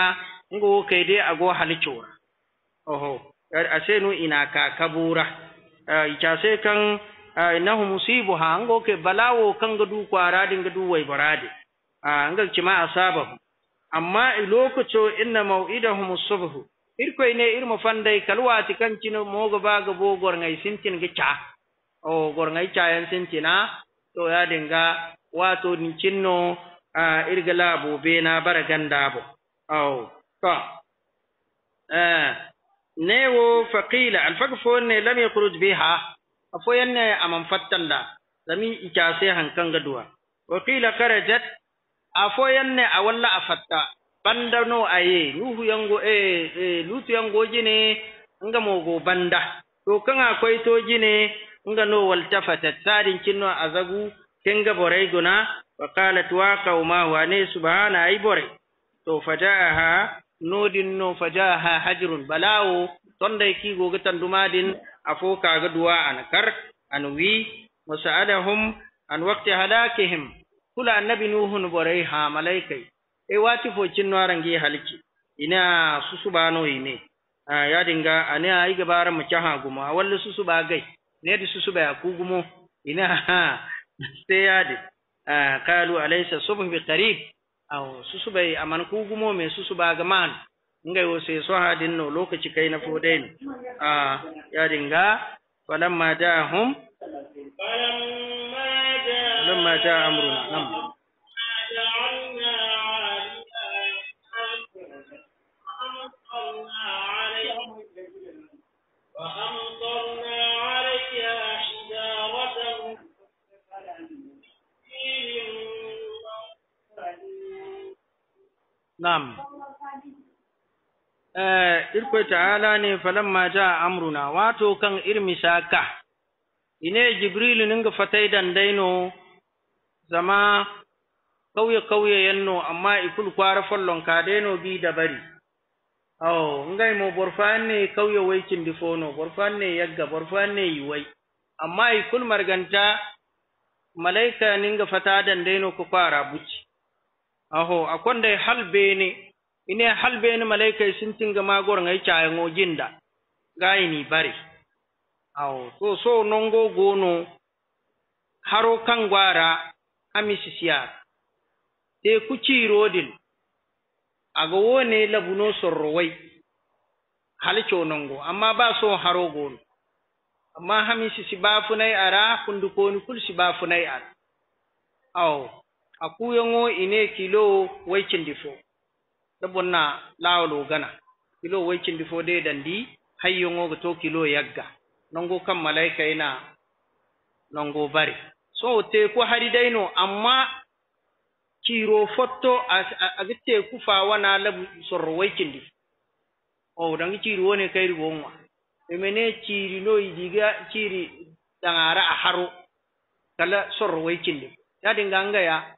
nga wo kai dai ago halicura oho asenu ina ka kabura Ya sai kan innahu musibuha Nga ke balawo kan gadu kwara din gadu wai barade anga kima asabahu amma lokacin inna mau'idahum subhu irkoyne irma fanday kalwati kancino mogo baga bo gorŋay sintin ge cha o cha cayan sintina to ya dinga wato ni cinno a bo be na baraganda bo aw to newo faqila faqfo ne lam yakhruj biha afoyanne amam fattanda lami icase hankan ga duwa wa qila kharajat afoyanne awalla afatta banda no aye yango e, e lutu yango jine nga mogo banda to kanga koy to jine nga no tafata tsarin kinno azagu kenga borai guna wa qalat wa qauma wa ne subhana ay bore. to fajaha nodin no fajaha hajrun balawo tonda ki goga tandumadin afo kaga duwa an kar an wi musa'adahum, an waqti halakihim kula annabi nuhun borai ha malaikai e wati focinno arange halki ina susubano ine ya dinga ane ai gabara mu caha gumo susu susuba gai ne di susuba ya ku gumo ina sai ya di kalu alaysa subh bi qarib aw susuba aman ku gumo me susuba ga man ngai wo sai so ha no lokaci kai na fodain a ya dinga falamma falam ma ja amruna nam irko ta'ala ne falamma ja amruna wato kan irmisaka ine jibrilu ninga fatai dandaino zama kauye kauye yanno amma ikul kwara fallon kadeno bi dabari aw ngai mo borfanne kauye wai kindi fono borfanne yagga borfanne yiwai amma ikul marganta malaika ninga fata dandaino ku kwara buci aho akon dai halbe ne ine halbeni malaika sintinga magor ngai da, jinda ni bari awo to so nongo gono haro kan gwara amishi siya te kucirodin aga wone labuno sorrowai halico nongo amma ba so haro gono amma hamisi si bafunai ara kundukoni kul si bafunai ara awo akuyongo ine kilo waicindi fo Sabon na o gana kilo waycindi difo de dandi hayyongoga to kilo yagga nongo kam malaika ina nongo bari so teku hari dayno amma kiro fotto aga teku fa wana labu sorro waykindi o dan ciri woni kayri gonwa emene ciri no idiga ciri dangara a haro kala sorro dadin ganga ya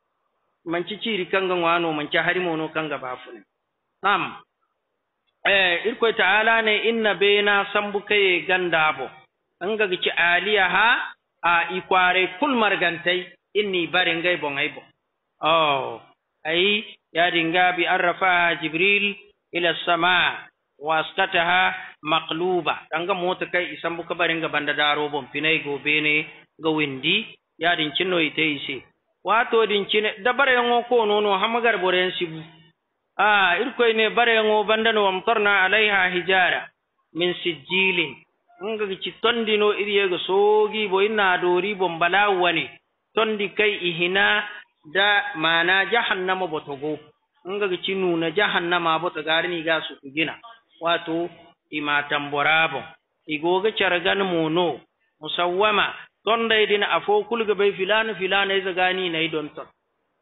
manci ciri kanga wano manci no kanga ne. nam eh irko ta'ala ne inna bena sambukaye gandabo anga gici aliya ha a ikware kul margantai inni barin gai bon oh ai ya dinga bi arrafa jibril ila sama makluba. maqluba ga mota kai isan buka barin ga banda daro bon finai gobe ne ga windi ya din cinno ite ise wato din cine ngo ko nono hamagar boren a irkoy ne bare ngo bandan wam torna alaiha hijara min sijjilin nga ci tondino iriyego sogi bo inna dori bon wani tondi kai ihina da mana jahannama botogo nga ci nuna jahannama boto ni ga su gina wato ima tamborabo Igo igoga cargan mono musawwama tonda idina afo kulga bai filana filana iza gani na idon ton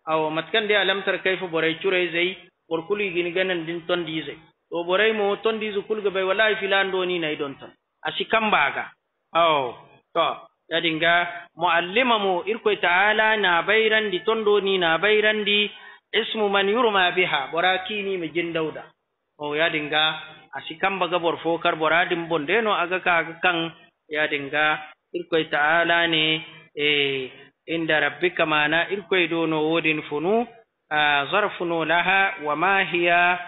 awo matkan dai kaifa borai curai zai kuli gini ganan din dize. To ɓoray mo kul kulga bay wallahi filan do ni nay don ton asi kambaga aw to yadinga muallima mo irko taala na di ton do ni na di ismu man yurma biha boraki kini mi jindawda o yadinga asi kambaga bor fokar boradin ɓora dim bondeno aga ka aga kan yadinga irko taala ne e inda rabbika mana irko do no wodin funu zarfun laha wa ma hiya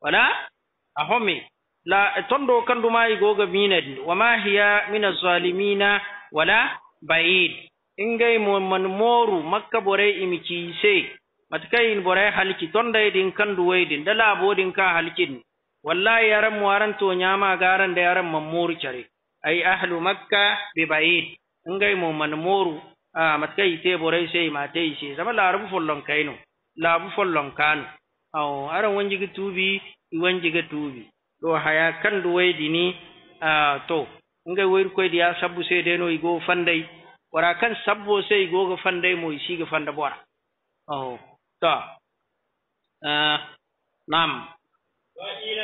wala ahomi la tondo kandu mai goga minad wa ma min zalimina wala baid ingay mo moru makka bore imici se matkayin bore halki tonda din kandu waydin dala bodin ka halkin wallahi yaran waran to nyama garan da yaran mamoru cari ai ahlu makka bi baid ingay mo moru a ah, matkai te borai sai matei she zama larabu follon kaino labu follon kano aw aran wanji ga tubi wanji ga tubi do haya kan do waidi ni a ah, to ngai wayr koy dia sabbu sai deno i go fandai wara kan sabbo sai go ga fandai mo isi ga fanda bora aw ta a ah, nam wa ila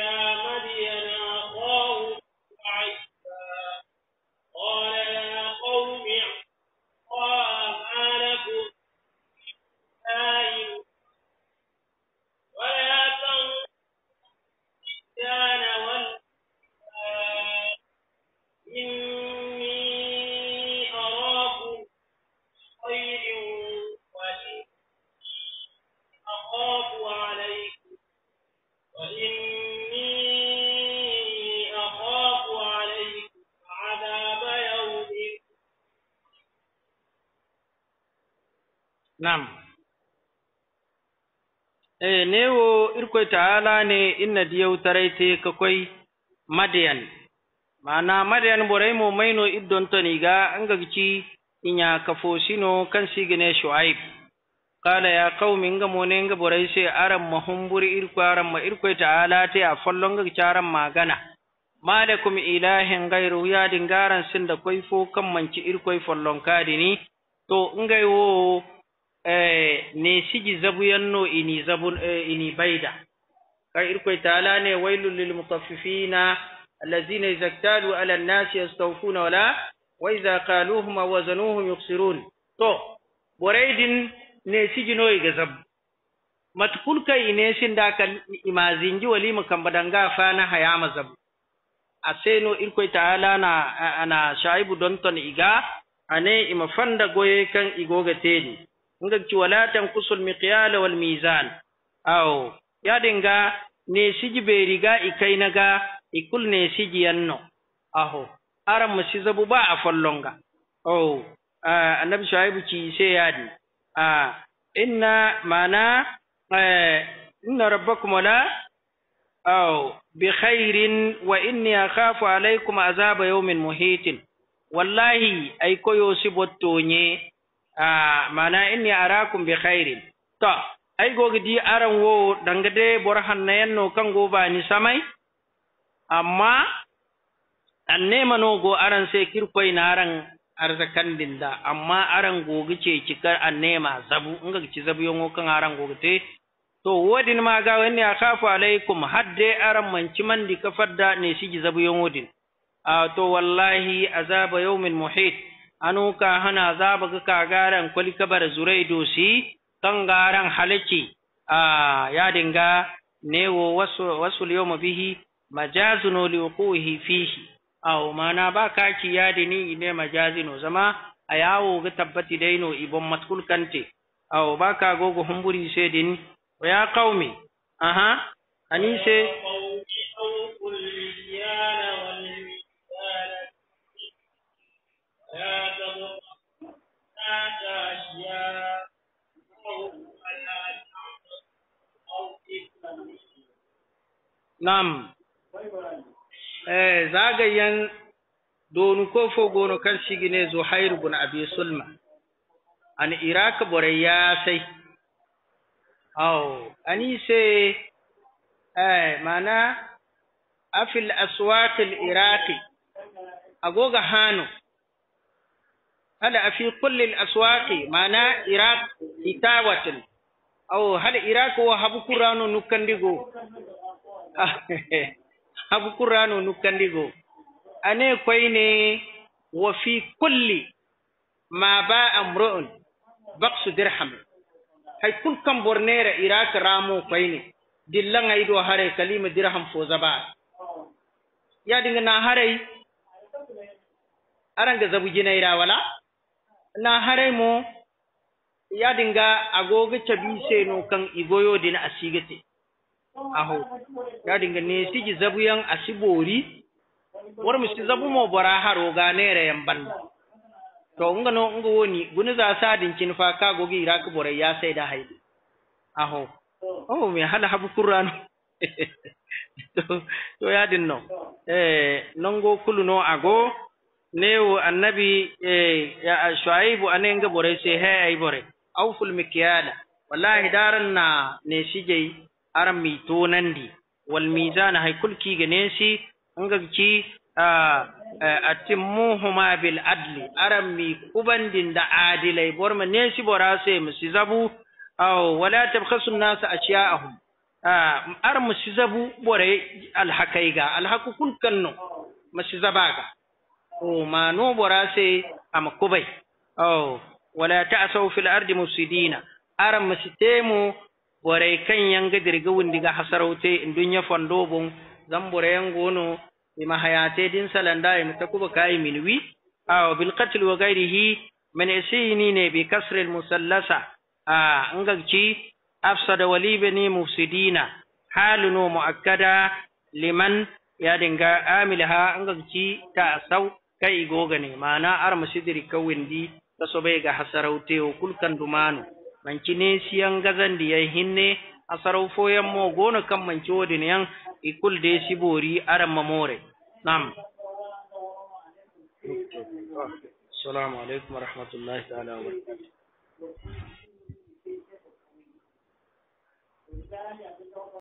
ta'ala ne inna diyau tarayte kakwai madiyan mana madiyan borai mu maino iddon ni ga an inya kafo sino kan sigine shu'aib Kala ya ga mu ne ga borai se aram mahumburi irkwa aram ma irkwai ta'ala te a fallon ga charam magana malakum ilahin gairu ya dingaran sin da kwai fo kan manci fallon kadi kadini to gai wo eh ne zabu yanno ini zabun eh, ini baida kar irko tala ne wailu lil mutaffifina allazina idza ktalu ala an-nas yastawquna wala wa idza qaluhum wa zanuhum to boraydin ne sigino ga zab matkul kai ne sin da kan imazinji wali kan badanga fa na hayama zab aseno irko tala na ana shaibu don ton iga ane imafanda goye kan igoga teni ngak ci wala tan kusul mizan aw ya dinga ne siji be riga ikai naga ikul ne siji yanno aho aran musi zabu ba a fallonga oh annabi shaibu ci sai yadi a inna mana e, inna rabbakum la aw bi khairin wa inni akhafu alaykum azaba yawmin muhitin wallahi ay koyo sibotto nye a mana inni arakum bi khairin ta ay di aran wo danga de bor hannayanno kango bani samay amma annemano go aran se kirkoi naran arzakandin da amma aran gogi ce cikar ma zabu in ga ci zabu yongo kan aran gogi te to wodin ma ga wani akhafu alaikum hadde aran manci mandi ka fadda ne sigi zabu yongo din a to wallahi azaba yawmin muhit anu ka hana azaba ga kagaran kwali kabar zurai songaran halici a yadinga newo wasu wasu yawma bihi majazun li uquhi fihi aw mana ba kaki yadini ne majazino zama a yawo ga tabbati daino ibon maskul kanti, aw ba ka gogo humburi sai din ya qaumi aha anise Yeah. nam eh 'yan donu ko fogono kan sigine zuhair bin abi sulma an iraka borai ya sai aw anise eh mana afil aswaq al iraqi agoga hano hada afi kulli al aswaqi mana iraq itawatin aw hal iraq wa habu qur'anu nukandigo abu qur'anu A ane koyne wa fi kulli ma ba ba'a mru'un su dirham hay kul kam bornera iraq ramo ne. dillan ay do hare kalima dirham fo zaba ya dinga na hare aranga zabu ira wala na hare mo ya dinga agoga cabi no kan igoyo dina asigate aho ya dinga ne zabu yan asibori war mu si zabu mo bora haro ga nere yan ban to ngano no nga woni guni za a din kin fa ka gogi ira ka bora ya sai da haidi aho oh me hala habu qur'an to ya din no eh nongo kuluno ago newo annabi eh ya shuaibu anen ga bora sai hay ay awful mikyala wallahi daran ne shigei aran mi tonandi wal mizana hay kulki ganesi ngagci atimmuhuma bil adli aran mi kubandin da adilai borma nesi borase musi zabu aw wala tabkhasu an a ashya'ahum ar musi zabu bore alhakaiga alhaku kulkanno musi zabaga o ma no borase am kubai aw wala ta'sau fil ardi mufsidina aran musi temu boray kan yanga dirga wundiga hasaraute ndunya fondo bon zambore yangono bi mahayate din salanda im takuba kai minwi aw bil qatl wa ghairihi man isini ne bi kasr al musallasa a ngagci afsada bani mufsidina no muakkada liman ya dinga amilha ngagci ta sau kai gogane mana ar masidiri kawindi ta sobe ga o kulkan dumanu manci ne siyan da ya hinne a saraufoyen mo gona kan manci wodin yan ikul de sibori aran mamore nam assalamu alaikum wa rahmatullahi ta'ala wa